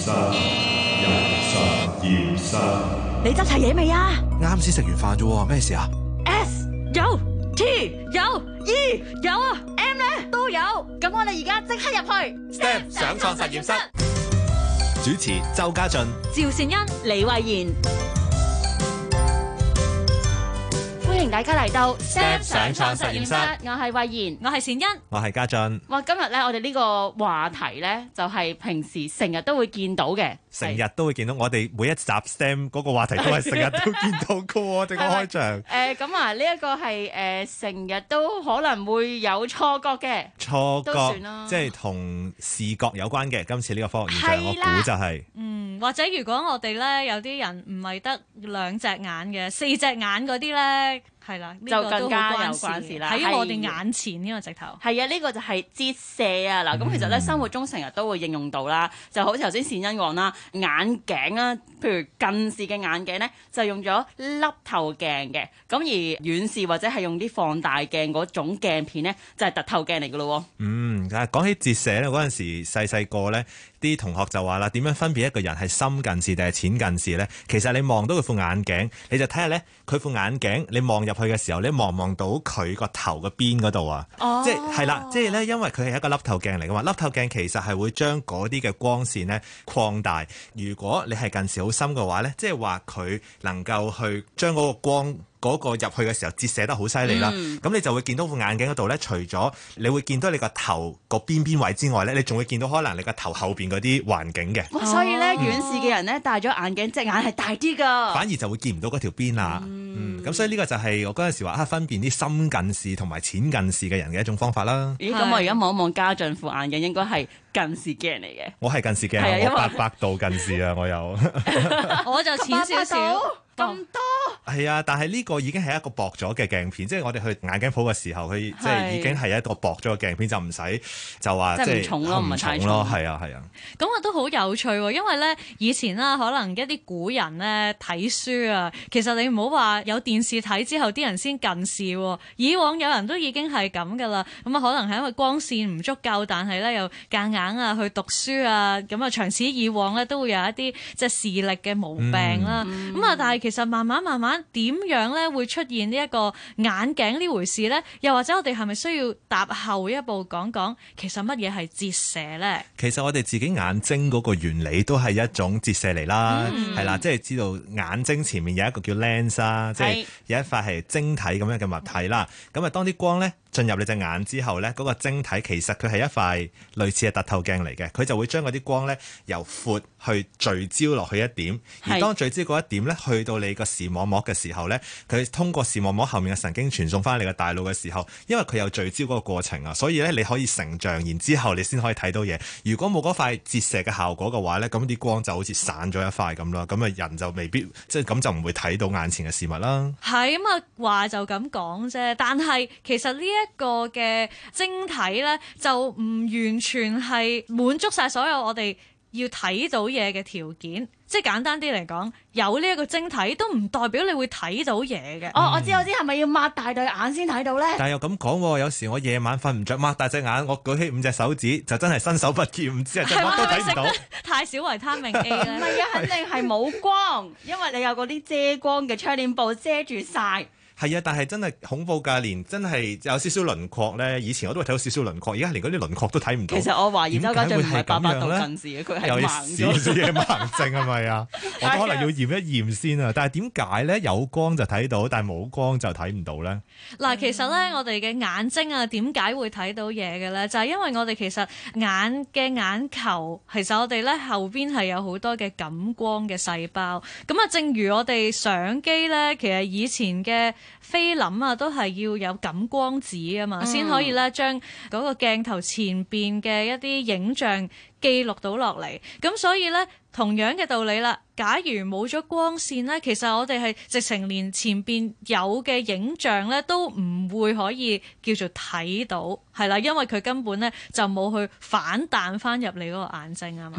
三、一、十、二、十。你執齊嘢未啊？啱先食完飯啫，咩事啊？S 有，T 有，E 有啊，M 呢都有。咁我哋而家即刻入去，Step, Step 上創實驗室。室主持：周家俊、趙善恩、李慧妍。歡迎大家嚟到 STEM 上場實驗室，我係慧賢，我係善欣，我係家俊。哇，今日咧，我哋呢個話題咧，就係平時成日都會見到嘅，成日都會見到。我哋每一集 STEM 嗰個話題都係成日都見到嘅。我哋呢個開場，誒，咁啊，呢一個係誒，成日都可能會有錯覺嘅，錯覺算咯，即係同視覺有關嘅。今次呢個科學現象，我估就係嗯。或者如果我哋呢有啲人唔係得兩隻眼嘅，四隻眼嗰啲呢。係啦，這個、就更加有關事啦，喺我哋眼前呢個直頭。係啊的，呢個就係折射啊！嗱、嗯，咁其實咧，生活中成日都會應用到啦。就好似頭先善恩講啦，眼鏡啊，譬如近視嘅眼鏡呢，就用咗凹透鏡嘅。咁而遠視或者係用啲放大鏡嗰種鏡片呢，就係、是、凸透鏡嚟㗎咯。嗯，講起折射呢，嗰陣時細細個咧，啲同學就話啦，點樣分辨一個人係深近視定係淺近視呢？其實你望到佢副眼鏡，你就睇下呢，佢副眼鏡你望。你入去嘅時候，你望望到佢個頭個邊嗰度啊？即係係啦，即係咧，因為佢係一個凹透鏡嚟嘅嘛。凹透鏡其實係會將嗰啲嘅光線咧擴大。如果你係近視好深嘅話咧，即係話佢能夠去將嗰個光，嗰個入去嘅時候折射得好犀利啦，咁、嗯、你就會見到副眼鏡嗰度咧，除咗你會見到你個頭個邊邊位之外咧，你仲會見到可能你個頭後邊嗰啲環境嘅。哦哦、所以咧遠視嘅人咧戴咗眼鏡隻眼係大啲噶，反而就會見唔到嗰條邊啦。嗯、嗯，咁所以呢個就係我嗰陣時話啊，分辨啲深近視同埋淺近視嘅人嘅一種方法啦。咦？咁我而家望一望家俊副眼鏡，應該係近視鏡嚟嘅。我係近視鏡，嗎我八百度近視啊！我有， 我就淺少少。哦。咁多？係啊，但係呢個已經係一個薄咗嘅鏡片，即係我哋去眼鏡鋪嘅時候，佢是即係已經係一個薄咗嘅鏡片，就唔使就話即係唔重咯，唔重咯，係啊，係啊。咁啊都好有趣喎，因為咧以前啦，可能一啲古人咧睇書啊，其實你唔好話有電視睇之後啲人先近視喎。以往有人都已經係咁㗎啦。咁啊可能係因為光線唔足夠，但係咧又夾硬啊去讀書啊，咁啊長此以往咧都會有一啲即係視力嘅毛病啦。咁啊、嗯，嗯、但係其實慢慢慢慢，點樣咧會出現呢一個眼鏡呢回事咧？又或者我哋係咪需要踏後一步講講，其實乜嘢係折射咧？其實我哋自己眼睛嗰個原理都係一種折射嚟啦，係、嗯、啦，即係知道眼睛前面有一個叫 lens 啊，即係有一塊係晶體咁樣嘅物體啦。咁啊是，當啲光咧。進入你隻眼之後呢，嗰、嗰個晶體其實佢係一塊類似係凸透鏡嚟嘅，佢就會將嗰啲光呢由闊去聚焦落去一點。是而當聚焦嗰一點呢，去到你個視網膜嘅時候呢，佢通過視網膜後面嘅神經傳送翻你個大腦嘅時候，因為佢有聚焦嗰個過程啊，所以呢，你可以成像，然之後你先可以睇到嘢。如果冇嗰塊折射嘅效果嘅話呢，咁啲光就好似散咗一塊咁啦，咁啊人就未必即係咁就唔、是、會睇到眼前嘅事物啦。係咁啊，話就咁講啫，但係其實呢一一個嘅晶體咧，就唔完全係滿足晒所有我哋要睇到嘢嘅條件。即係簡單啲嚟講，有呢一個晶體都唔代表你會睇到嘢嘅。嗯、哦，我知我知，係咪要擘大對眼先睇到咧？但係又咁講，有時我夜晚瞓唔着，擘大隻眼，我舉起五隻手指，就真係伸手不見五指，都睇唔到。係咪食得太少維他命 A 咧？唔係 啊，肯定係冇光， 因為你有嗰啲遮光嘅窗簾布遮住晒。係啊，但係真係恐怖㗎，連真係有少少輪廓咧。以前我都睇到少少輪廓，而家係連嗰啲輪廓都睇唔到。其實我懷疑周家俊係八百度近視，佢係盲有少少嘅盲症係咪啊？我可能要驗一驗先啊。但係點解咧，有光就睇到，但係冇光就睇唔到咧？嗱、嗯，其實咧，我哋嘅眼睛啊，點解會睇到嘢嘅咧？就係、係、因為我哋其實眼嘅眼球，其實我哋咧後邊係有好多嘅感光嘅細胞。咁啊，正如我哋相機咧，其實以前嘅菲林啊，都係要有感光紙啊嘛，先可以咧將嗰個鏡頭前邊嘅一啲影像記錄到落嚟。咁所以呢，同樣嘅道理啦。假如冇咗光線咧，其實我哋係直情連前邊有嘅影像咧，都唔會可以叫做睇到，係啦，因為佢根本咧就冇去反彈翻入你個眼睛啊嘛，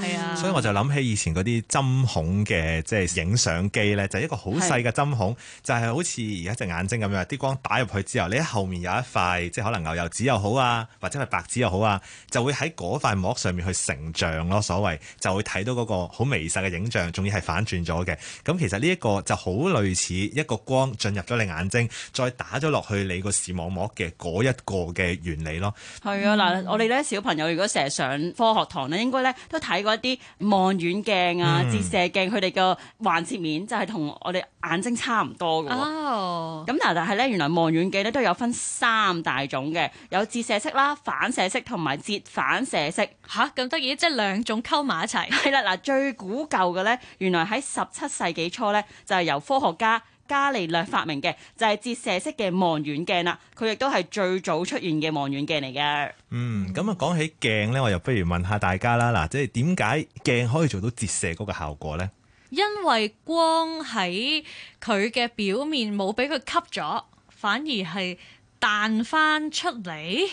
係啊。嗯、的所以我就諗起以前啲針孔嘅即係影相機咧，就一個好細嘅針孔，的就係好似而家隻眼睛咁樣，啲光打入去之後你喺後面有一塊即係可能牛油紙又好啊，或者係白紙又好啊，就會喺嗰塊膜上面去成像咯，所謂就會睇到個好微細嘅影。影像仲要係反轉咗嘅，咁其實呢一個就好類似一個光進入咗你眼睛，再打咗落去你個視網膜嘅嗰一個嘅原理咯。係啊、嗯，嗱，我哋咧小朋友如果成日上科學堂咧，應該呢都睇過一啲望遠鏡啊、折射鏡，佢哋個橫切面就係同我哋眼睛差唔多嘅喎。咁、哦、但係呢，原來望遠鏡咧都有分三大種嘅，有折射式啦、反射式同埋折反射式。吓，咁得意，即係兩種溝埋一齊。係啦，嗱，最古舊嘅咧，原來喺十七世紀初咧，就係由科學家伽利略發明嘅，就係折射式嘅望遠鏡啦。佢亦都係最早出現嘅望遠鏡嚟嘅。嗯，咁啊，講起鏡咧，我又不如問下大家啦。嗱，即係點解鏡可以做到折射嗰個效果咧？因為光喺佢嘅表面冇俾佢吸咗，反而係彈翻出嚟。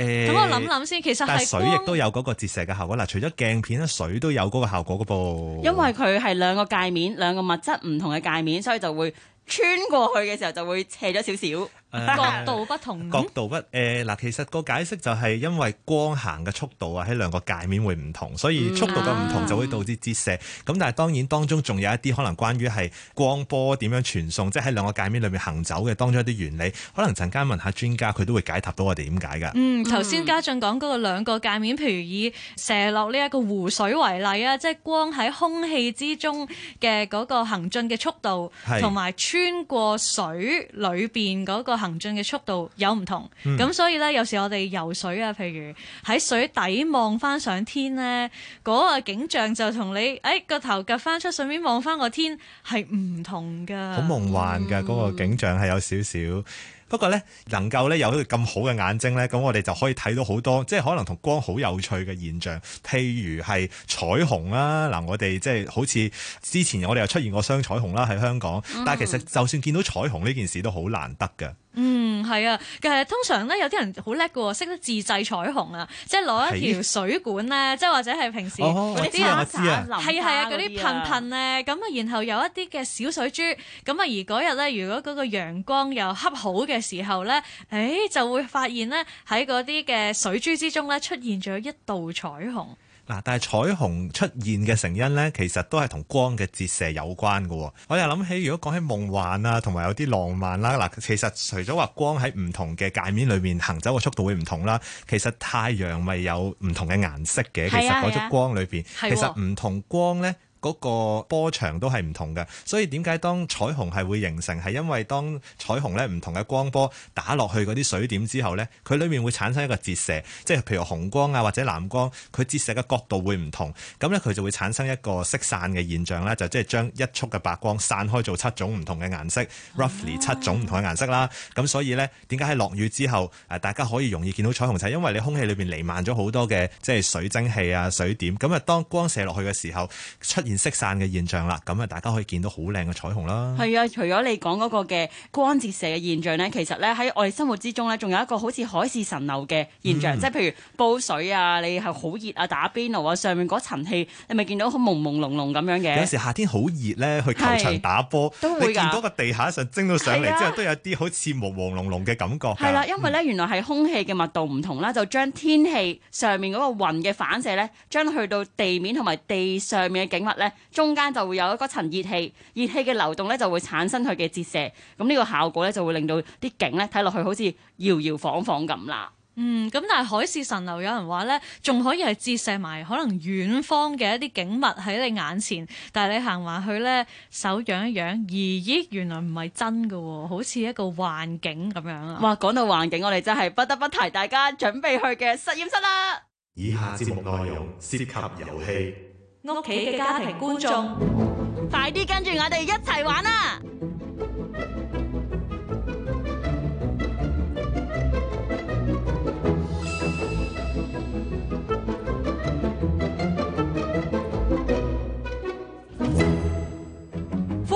等、欸、我諗諗先，其實係水亦都有嗰個折射嘅效果嗱，呃，除咗鏡片咧，水都有嗰個效果噶噃因為佢係兩個界面，兩個物質唔同嘅界面，所以就會穿過去嘅時候就會斜咗少少。嗯、角度不同，嗯、角度不，誒、呃、嗱，其實個解釋就係因為光行嘅速度啊喺兩個界面會唔同，所以速度嘅唔同就會導致折射。咁、嗯啊、但係當然當中仲有一啲可能關於係光波點樣傳送，即係喺兩個界面裏面行走嘅當中一啲原理，可能陣間問下專家佢都會解答到我哋點解噶。嗯，頭先嘉俊講嗰個兩個界面，譬如以射落呢一個湖水為例啊，即係光喺空氣之中嘅嗰個行進嘅速度，同埋穿過水裏邊嗰、那個。行進嘅速度有唔同，咁、嗯、所以呢，有時我哋游水啊，譬如喺水底望翻上天呢，嗰、嗰個景象就同你誒個頭夾翻出水面望翻個天係唔同噶，好夢幻噶嗰個景象係有少少。不過咧，能夠咧有一個咁好嘅眼睛咧，咁我哋就可以睇到好多，即係可能同光好有趣嘅現象，譬如係彩虹啦、啊。嗱、呃，我哋即係好似之前我哋又出現過雙彩虹啦、啊、喺香港，但係其實就算見到彩虹呢件事都好難得嘅。嗯，係啊，誒，其實通常咧有啲人好叻嘅喎，識得自製彩虹啊，即係攞一條水管咧，即係是或者係平時啲渣渣淋係啊係啊，嗰啲噴噴咧，咁啊，然後有一啲嘅小水珠，咁啊，而嗰日咧，如果嗰個陽光又恰好嘅。時候咧，誒、哎、就會發現咧，喺嗰啲嘅水珠之中咧出現咗一道彩虹。嗱，但係彩虹出現嘅成因呢，其實都係同光嘅折射有關嘅、哦。我又諗起，如果講起夢幻啊，同埋有啲浪漫啦，嗱，其實除咗話光喺唔同嘅界面裏面行走嘅速度會唔同啦，其實太陽咪有唔同嘅顏色嘅，啊啊、其實嗰束光裏邊，啊、其實唔同光呢，嗰個波長都係唔同嘅，所以點解當彩虹係會形成係因為當彩虹咧唔同嘅光波打落去嗰啲水點之後咧，佢裏面會產生一個折射，即係譬如紅光啊或者藍光，佢折射嘅角度會唔同，咁咧佢就會產生一個色散嘅現象啦，就即係將一束嘅白光散開做七種唔同嘅顏色、嗯、roughly 七種唔同嘅顏色啦。咁所以咧，點解喺落雨之後誒大家可以容易見到彩虹就係因為你空氣裏邊彌漫咗好多嘅即係水蒸氣啊水點，咁啊當光射落去嘅時候出，色散嘅現象啦，咁啊大家可以見到好靚嘅彩虹啦。係啊，除咗你講嗰個嘅光折射嘅現象咧，其實咧喺我哋生活之中咧，仲有一個好似海市蜃樓嘅現象，嗯、即係譬如煲水啊，你係好熱啊，打邊爐啊，上面嗰層氣，你咪見到好朦朦朧朧咁樣嘅。有時夏天好熱咧，去球場打波，都會你見到個地下上蒸到上嚟之後，的都有啲好似朦朦朧朧嘅感覺。係啦，因為咧、嗯、原來係空氣嘅密度唔同啦，就將天氣上面嗰個雲嘅反射咧，將去到地面同埋地上面嘅景物。中間就會有一個層熱氣，熱氣嘅流動咧就會產生佢嘅折射，咁呢個效果咧就會令到啲景咧睇落去好似搖搖晃晃咁啦。嗯，咁但係海市蜃樓有人話呢仲可以係折射埋可能遠方嘅一啲景物喺你眼前，但係你行埋去呢，手揚一揚，咦，原來唔係真㗎喎，好似一個幻境咁樣啊！哇，講到幻境，我哋真係不得不提大家準備去嘅實驗室啦。以下節目內容涉及遊戲。屋企嘅家庭觀眾，快啲跟住我哋一齊玩啊。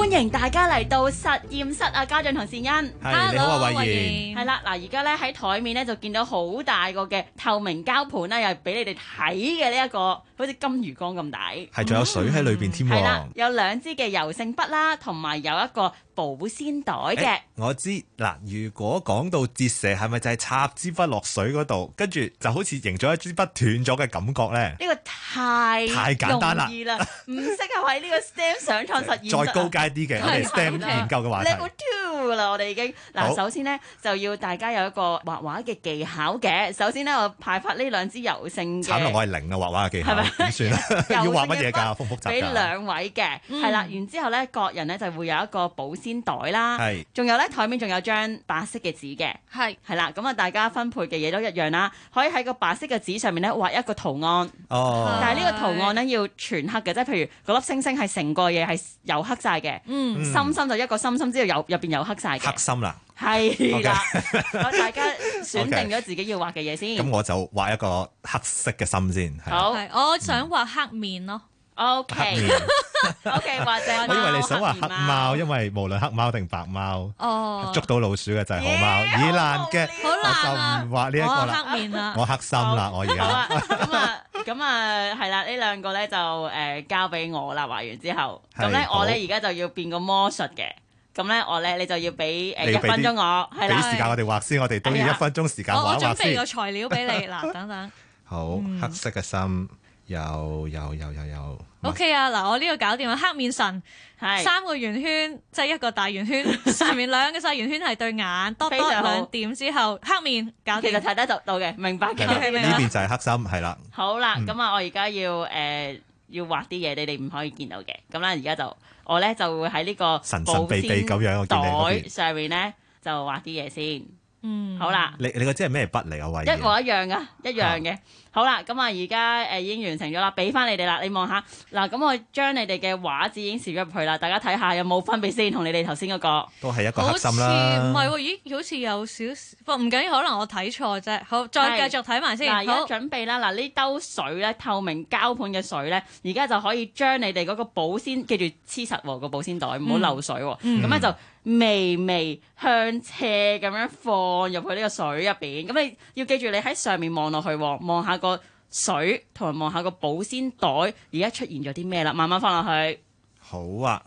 歡迎大家嚟到實驗室啊，家俊同善恩，係你好啊，慧 怡，係啦 Hello, 言，嗱而家咧喺台面咧就見到好大個嘅透明膠盤啦，又係俾你哋睇嘅呢一個，好似金魚缸咁大，係仲有水喺裏邊添，係 啦，嗯，有兩支嘅油性筆啦，同埋有一個。保鮮袋嘅，我知嗱。如果講到折射，係咪就係插支筆落水嗰度，跟住就好似形成咗一支筆斷咗嘅感覺咧？呢個太太簡單啦，唔適合喺呢個 STEM 上創實驗。再高階啲嘅我哋 STEM 研究嘅話 Level two 噶啦，我哋已經嗱，首先咧就要大家有一個畫畫嘅技巧嘅。首先咧，我派發呢兩支油性嘅。慘啦，我係零嘅畫畫嘅技巧點算咧？要畫乜嘢噶？復復雜。俾兩位嘅，係啦，然之後咧，各人咧就會有一個保。袋啦，係是，仲有咧台面仲有張白色嘅紙嘅，係是，係啦，咁啊大家分配嘅嘢都一樣啦，可以喺個白色嘅紙上面咧畫一個圖案，哦，但係呢個圖案咧要全黑嘅，即係譬如嗰粒星星係成個嘢係油黑晒嘅，嗯，心心就一個心心之，之後又入邊有黑晒，嗯、黑心啦，係啦的，Okay. 大家選定咗自己要畫嘅嘢先，咁 Okay. okay. 我就畫一個黑色嘅心先，好，okay. 我想畫黑面咯。O K，O K，或者我以為你想話黑貓，因為無論黑貓定白貓，哦，捉到老鼠嘅就係好貓，好難嘅，我就唔畫呢一個啦。我黑面啦，我黑心啦，我而家咁啊，咁啊，係啦，呢兩個咧就誒交俾我啦，畫完之後，咁咧我咧而家就要變個魔術嘅，咁咧我咧你就要俾誒一分鐘我，俾時間我哋畫先，我哋都要一分鐘時間，我準備個材料俾你嗱，等等，好，黑色嘅心。有有有有有。O K 啊，嗱，我呢個搞掂啊。黑面神係是三個圓圈，即、就、係、是、一個大圓圈， 上面兩個細圓圈係對眼，多多兩點之後黑面搞，搞掂就睇得到嘅，明白嘅，呢邊、okay，就係黑心，係啦。好啦，咁啊、嗯，我而家要誒、呃、要畫啲嘢，你哋唔可以見到嘅。咁、嗯、啦，而家就我咧就會喺呢個神，神秘神秘咁樣我見袋上面咧就畫啲嘢先。嗯，好啦，你你個即係咩筆嚟啊？威一模一樣啊，一樣嘅。好啦，咁啊，而家誒已經完成咗啦，俾翻你哋啦，你望下嗱，咁我將你哋嘅畫紙已經攝咗入去啦，大家睇下有冇分別先，同你哋頭先嗰個都係一個核心啦。唔係、哦、咦？好似有少少，唔緊要，可能我睇錯啫。好，再繼續睇埋先。嗱，而家準備啦，嗱好，呢兜水咧，透明膠盤嘅水咧，而家就可以將你哋嗰個保鮮，記住黐實喎個保鮮袋，唔好漏水喎、哦。咁咧、嗯嗯、就微微向斜咁樣放入去呢個水入邊，咁你要記住，你喺上面望落去喎，望下。個水同埋望下個保鮮袋而家出現咗啲咩啦，慢慢放落去。好啊。哇、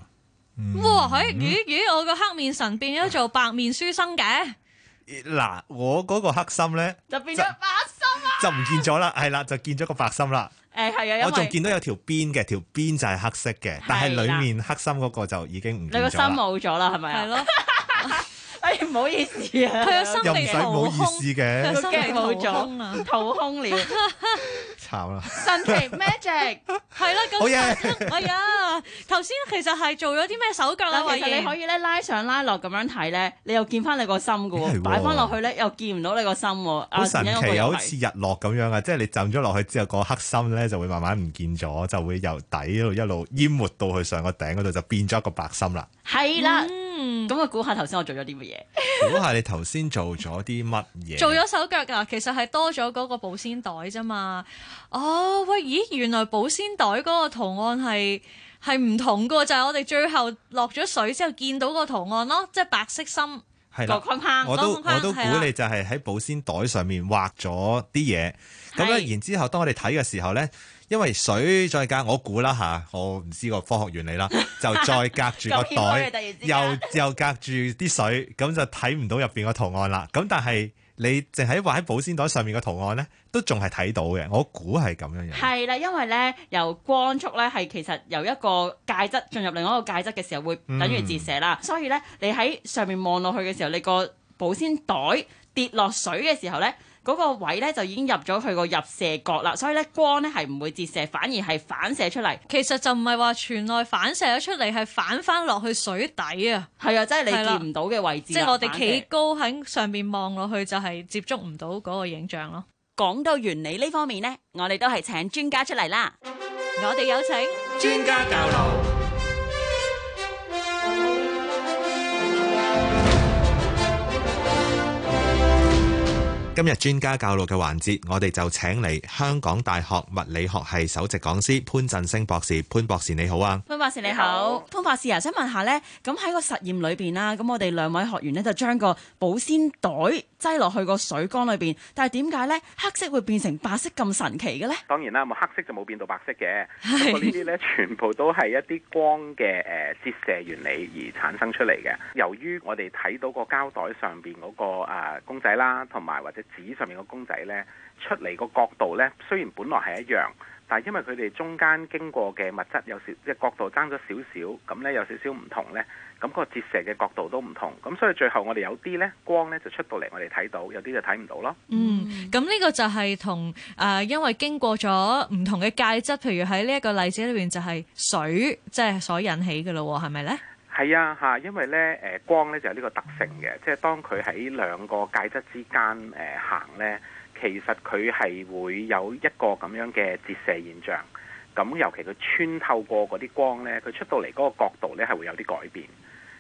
嗯！咦，咦，我個黑面神變咗做白面書生嘅。嗱，我嗰個黑心咧，就變咗白心啊，就唔見咗啦，係啦，就見咗個白心啦。誒、欸，係啊，我仲見到有條邊嘅，條邊就係黑色嘅，但係裏面黑心嗰個就已經唔，的你個心冇咗啦，係咪啊？係咯。 哎，唔好意思啊，佢個心被掏空，佢嘅心冇咗，掏空了，慘啦！神奇 magic，係啦，咁，哎呀，頭先其實係做咗啲咩手腳咧？其實你可以咧拉上拉落咁樣睇咧，你又見翻你個心噶喎，擺翻落去咧又見唔到你個心喎。好神奇啊，好似日落咁樣啊，即係你浸咗落去之後，個黑心咧就會慢慢唔見咗，就會由底一路一路淹沒到去上個頂嗰度，就變咗一個白心啦。係啦。嗯，咁啊，估下頭先我做咗啲乜嘢？估下你頭先做咗啲乜嘢？ 做咗手腳㗎，其實係多咗嗰個保鮮袋啫嘛。哦，喂，咦，原來保鮮袋嗰個圖案係係唔同嘅，就係我哋最後落咗水之後見到個圖案咯，即係白色心。係啦，我都我都估你就係喺保鮮袋上面畫咗啲嘢。咁咧，然之後當我哋睇嘅時候咧。因為水再隔，我估啦嚇，我唔知個科學原理啦， 就再隔住個袋，又 又隔住啲水，咁 就睇唔到入邊個圖案啦。咁但係你淨係畫喺保鮮袋上面個圖案呢，都仲係睇到嘅。我估係咁樣樣。係啦，因為呢，由光束呢，係其實由一個介質 進入另一個介質嘅時候會等於折射啦，嗯、所以呢，你喺上面望落去嘅時候，你個保鮮袋跌落水嘅時候呢。嗰個位咧就已經入咗佢個入射角啦，所以咧，光咧係唔會折射，反而係反射出嚟。其實就唔係話全內反射咗出嚟，係反翻落去水底啊。係啊，即係你見唔到嘅位置。即係、就是、我哋企高喺上面望落去，就係、是、接觸唔到嗰個影像咯。講到原理呢方面呢，我哋都係請專家出嚟啦。我哋有請專家教路。今日專家教路嘅環節，我哋就請嚟香港大學物理學系首席講師潘振聲博士。潘博士你好啊，潘博士你好。潘博士啊，想問下呢，咁喺個實驗裏邊啦，咁我哋兩位學員呢，就將個保鮮袋擠落去個水缸裏邊，但係點解呢？黑色會變成白色咁神奇嘅呢？當然啦，黑色就冇變到白色嘅。係是。呢啲呢，全部都係一啲光嘅誒折射原理而產生出嚟嘅。由於我哋睇到個膠袋上邊嗰、那個誒、呃、公仔啦，同埋或者。紙上面個公仔呢，出嚟個角度呢，雖然本來係一樣，但係因為佢哋中間經過嘅物質有少，即係角度爭咗少少，咁呢有少少唔同呢。咁嗰個折射嘅角度都唔同，咁所以最後我哋有啲呢光呢，就出到嚟，我哋睇到，有啲就睇唔到咯。嗯，咁呢個就係同誒，因為經過咗唔同嘅介質，譬如喺呢一個例子裏邊就係水，即係所引起嘅咯，係咪呢？係啊，嚇！因為咧，誒、呃、光咧就有呢個特性嘅，即係當佢喺兩個介質之間誒、呃、行咧，其實佢係會有一個咁樣嘅折射現象。咁尤其佢穿透過嗰啲光咧，佢出到嚟嗰個角度咧係會有啲改變。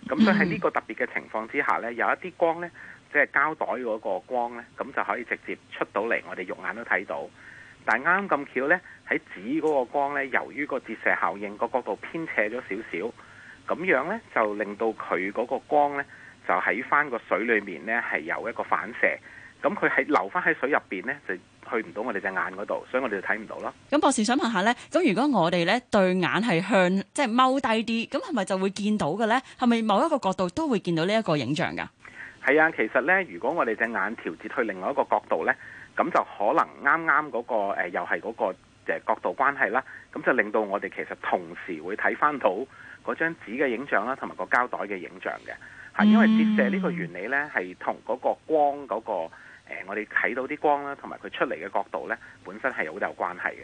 咁所以喺呢個特別嘅情況之下咧，有一啲光咧，即係膠袋嗰個光咧，咁就可以直接出到嚟，我哋肉眼都睇到。但係啱咁巧咧，喺紙嗰個光咧，由於個折射效應個角度偏斜咗少少。咁樣咧，就令到佢嗰個光咧，就喺翻個水裏面咧，係有一個反射。咁佢喺流翻喺水入邊咧，就去唔到我哋隻眼嗰度，所以我哋就睇唔到咯。咁博士想問下咧，咁如果我哋咧對眼係向即係踎低啲，咁係咪就會見到嘅咧？係咪某一個角度都會見到呢一個影像噶？係啊，其實咧，如果我哋隻眼調節去另外一個角度咧，咁就可能啱啱嗰個、呃、又係嗰個、呃、角度關係啦。咁就令到我哋其實同時會睇翻到，嗰張紙嘅影像啦，同埋個膠袋嘅影像嘅，係因為折射呢個原理咧，係同嗰個光嗰個誒，我哋睇到啲光啦，同埋佢出嚟嘅角度咧，本身係好有關係嘅。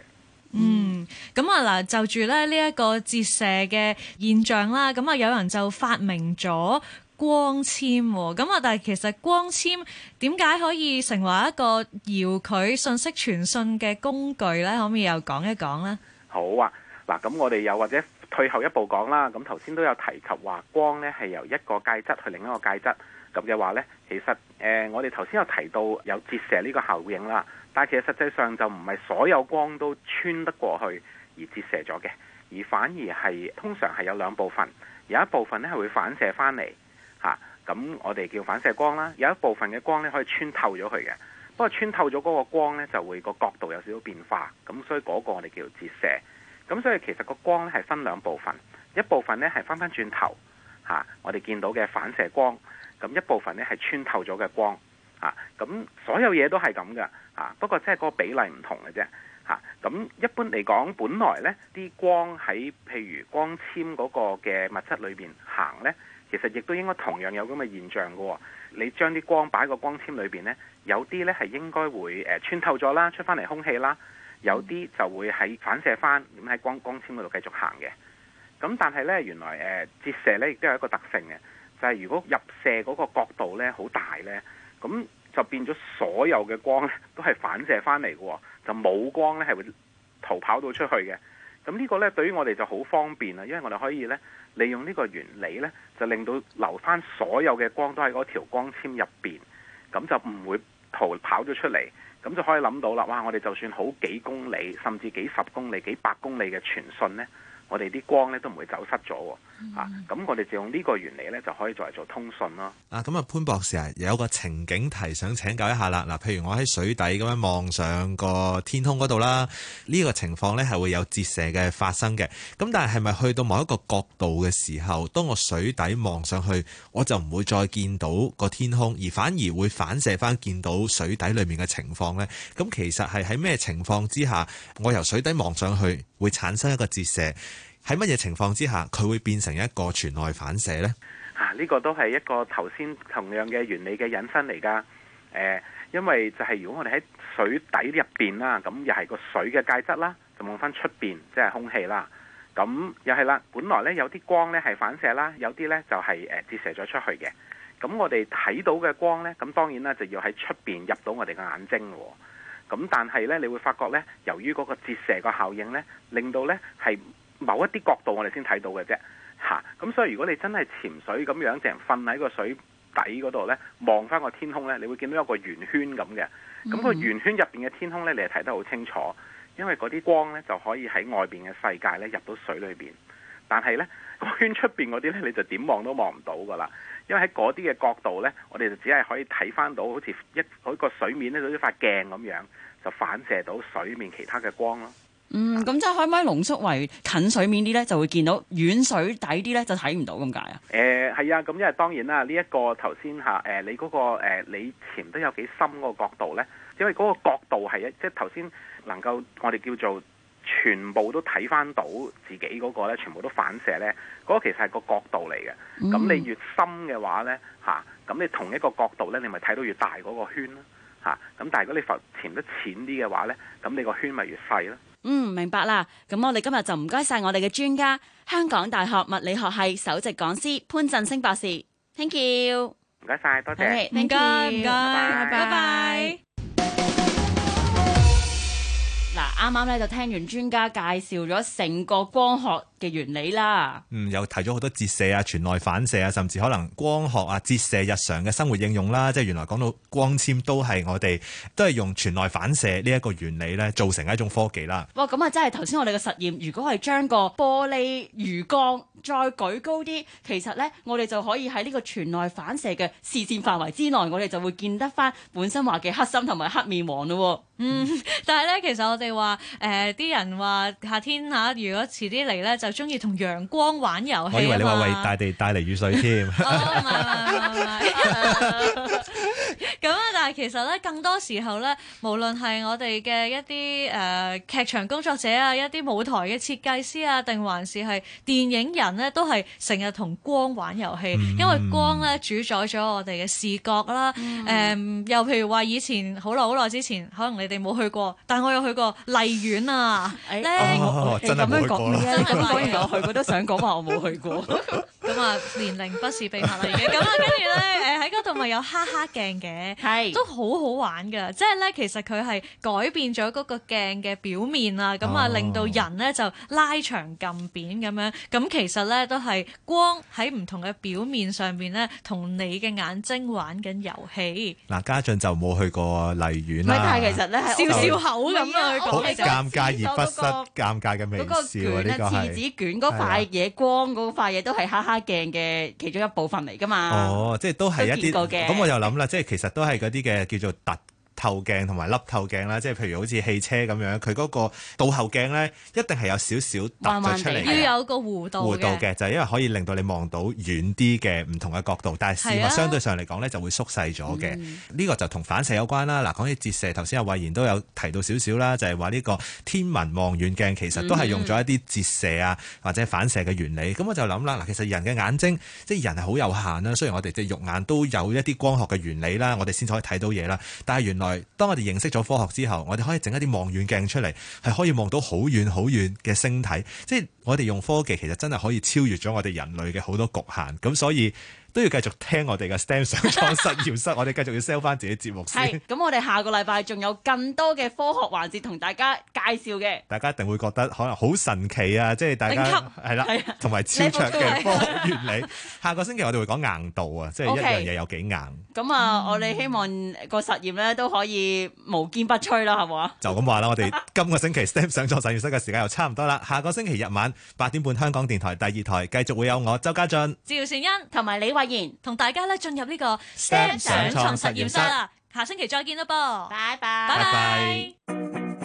嗯，咁啊嗱，就住咧呢一個折射嘅現象啦，咁啊有人就發明咗光纖喎，咁啊但係其實光纖點解可以成為一個遙距信息傳訊嘅工具咧？可唔可以又講一講咧？好啊，嗱，咁我哋又或者。退後一步講啦，咁頭先都有提及話光呢係由一個介質去另一個介質，咁嘅話呢，其實誒、呃、我哋頭先有提到有折射呢個效應啦，但係其實實際上就唔係所有光都穿得過去而折射咗嘅，而反而係通常係有兩部分，有一部分呢係會反射返嚟吓，咁、啊、我哋叫反射光啦，有一部分嘅光呢可以穿透咗佢嘅，不過穿透咗嗰個光呢就會個角度有少少變化，咁所以嗰個我哋叫折射。咁所以其實個光咧係分兩部分，一部分呢係翻翻轉頭嚇、啊，我哋見到嘅反射光，咁一部分呢係穿透咗嘅光，啊，咁所有嘢都係咁嘅，啊，不過即係個比例唔同嘅啫，嚇、啊，咁一般嚟講，本來呢啲光喺譬如光纖嗰個嘅物質裏邊行呢。其實亦都應該同樣有咁嘅現象嘅、哦，你將啲光擺喺個光纖裏邊呢，有啲呢係應該會誒穿透咗啦，出翻嚟空氣啦；有啲就會喺反射返，咁喺光光纖嗰度繼續行嘅。咁但係呢，原來誒折射呢亦都有一個特性嘅，就係、係、如果入射嗰個角度呢好大呢，咁就變咗所有嘅光呢都係反射返嚟嘅，就冇光呢係會逃跑到出去嘅。咁呢個呢對於我哋就好方便啦，因為我哋可以呢利用呢個原理呢，就令到留翻所有嘅光都喺嗰條光纖入邊，咁就唔會逃跑咗出嚟，咁就可以諗到啦。哇！我哋就算好幾公里，甚至幾十公里、幾百公里嘅傳訊呢。」我哋啲光咧都唔會走失咗、mm hmm. 啊！咁我哋就用呢個原理咧，就可以作為做通訊咯。啊！咁啊，潘博士啊，有個情景題想請教一下啦。嗱、啊，譬如我喺水底咁樣望上個天空嗰度啦，呢、呢個情況咧係會有折射嘅發生嘅。咁但係係咪去到某一個角度嘅時候，當我水底望上去，我就唔會再見到個天空，而反而會反射翻見到水底裡面嘅情況呢？咁其實係喺咩情況之下，我由水底望上去會產生一個折射？喺乜嘢情況之下，佢會變成一個全內反射呢？啊，呢、這個都係一個頭先同樣嘅原理嘅引申嚟㗎、呃。因為就係如果我哋喺水底入邊、嗯、啦，咁又係個水嘅介質啦，就望返出邊即係空氣啦。咁又係啦，本來呢有啲光呢係反射啦，有啲呢就係誒折射咗出去嘅。咁我哋睇到嘅光呢，咁、就是嗯嗯、當然啦，就要喺出邊入到我哋嘅眼睛喎。咁、嗯、但係呢，你會發覺呢，由於嗰個折射個效應呢，令到呢係。某一啲角度我哋先睇到嘅啫，嚇、啊！咁所以如果你真係潛水咁樣，淨係瞓喺個水底嗰度呢，望翻個天空呢，你會見到一個圓圈咁嘅。咁個圓圈入邊嘅天空呢，你係睇得好清楚，因為嗰啲光呢就可以喺外邊嘅世界呢入到水裏邊。但係呢、個圈出邊嗰啲呢，你就點望都望唔到噶啦，因為喺嗰啲嘅角度呢，我哋就只係可以睇翻到好似一個水面呢，好似塊鏡咁樣，就反射到水面其他嘅光咯。嗯，咁即係可唔可以濃縮為近水面啲咧，就會見到遠水底啲咧就睇唔到咁解啊？誒、嗯，係啊樣，咁因為當然啦，呢、這、一個頭先吓誒，你嗰、那個誒、呃，你潛得有幾深角呢個角度咧，因為嗰個角度係一即係頭先能夠我哋叫做全部都睇翻到自己嗰、那個咧，全部都反射咧，嗰、那個其實係個角度嚟嘅。咁、嗯、你越深嘅話咧，吓、啊、咁你同一個角度咧，你咪睇到越大嗰個圈咯，吓、啊、咁。但係如果你浮潛得淺啲嘅話咧，咁你個圈咪越細咯。啊嗯，明白啦。咁我哋今日就唔該晒我哋嘅專家，香港大學物理學系首席講師潘振聲博士。Thank you，唔該晒，多謝，唔該唔該，拜拜。啱啱咧就聽完專家介紹咗成個光學嘅原理啦，嗯，又提咗好多折射啊、全內反射啊，甚至可能光學啊、折射日常嘅生活應用啦，即係原來講到光纖都係我哋都係用全內反射呢一個原理咧造成一種科技啦。哇、哦，咁啊，即係頭先我哋嘅實驗，如果係將個玻璃魚缸再舉高啲，其實呢，我哋就可以喺呢個全內反射嘅視線範圍之內，我哋就會見得翻本身話嘅黑心同埋黑面黃咯、哦。嗯，嗯，但係呢，其實我哋話。誒啲、呃、人話夏天嚇，如果遲啲嚟咧，就中意同陽光玩遊戲。我以為你話為大地帶嚟雨水添。咁啊！但係其實咧，更多時候咧，無論係我哋嘅一啲誒、呃、劇場工作者啊，一啲舞台嘅設計師啊，定還是係電影人咧，都係成日同光玩遊戲，嗯、因為光咧主宰咗我哋嘅視覺啦。誒、嗯呃，又譬如話，以前好耐好耐之前，可能你哋冇去過，但我有去過荔園啊。咧咁樣講，咁講完又去過，我都想講話我冇去過。 咁啊，年齡不是秘密嚟嘅。咁啊，跟住咧，誒，喺嗰度咪有哈哈鏡嘅，係都好好玩噶。即係咧其實佢係改變咗嗰個鏡嘅表面啊，咁啊、哦、令到人咧就拉長撳扁咁樣。咁其實咧都係光喺唔同嘅表面上邊咧，同你嘅眼睛玩緊遊戲。嗱、啊，家俊就冇去過荔園，咪但係其實咧笑，笑笑口咁啊，好尷尬而不失尷尬嘅微笑呢個係。個卷啊，廁紙卷嗰塊嘢光嗰塊嘢都係哈哈鏡嘅其中一部分嚟噶嘛？哦，即係都係一啲，咁我又諗啦，是即係其實都係嗰啲嘅叫做凸。透鏡同埋凹透鏡啦，即係譬如好似汽車咁樣，佢嗰個倒後鏡呢，一定係有少少凸出嚟，要有一個弧度嘅，就係、因為可以令到你望到遠啲嘅唔同嘅角度，但係事物相對上嚟講呢，就會縮細咗嘅。呢、嗯、個就同反射有關啦。嗱，講起折射，頭先阿慧然都有提到少少啦，就係話呢個天文望遠鏡其實都係用咗一啲折射啊或者反射嘅原理。咁、嗯、我就諗啦，嗱，其實人嘅眼睛即係人係好有限啦。雖然我哋隻肉眼都有一啲光學嘅原理啦，我哋先可以睇到嘢啦，但係原來當我哋認識咗科學之後，我哋可以整一啲望遠鏡出嚟，係可以望到好遠好遠嘅星體。即係我哋用科技，其實真係可以超越咗我哋人類嘅好多局限。咁所以。都要繼續聽我哋嘅 STEM 上創實驗室， 我哋繼續要 sell 翻自己節目先。係，咁我哋下個禮拜仲有更多嘅科學環節同大家介紹嘅。大家一定會覺得可能好神奇啊！即係大家係啦，同埋超卓嘅科學原理。 下個星期我哋會講硬度硬 okay，啊，即係一樣嘢有幾硬。咁啊，我哋希望個實驗咧都可以無堅不摧啦，冇啊？ 就咁話啦，我哋今個星期 STEM 上創實驗室嘅時間又差唔多啦。下個星期日晚八點半，香港電台第二台繼續會有我周家俊、趙善恩同埋李慧同大家咧進入呢個上床實驗室啦，下星期再見啦噃，拜拜，拜拜。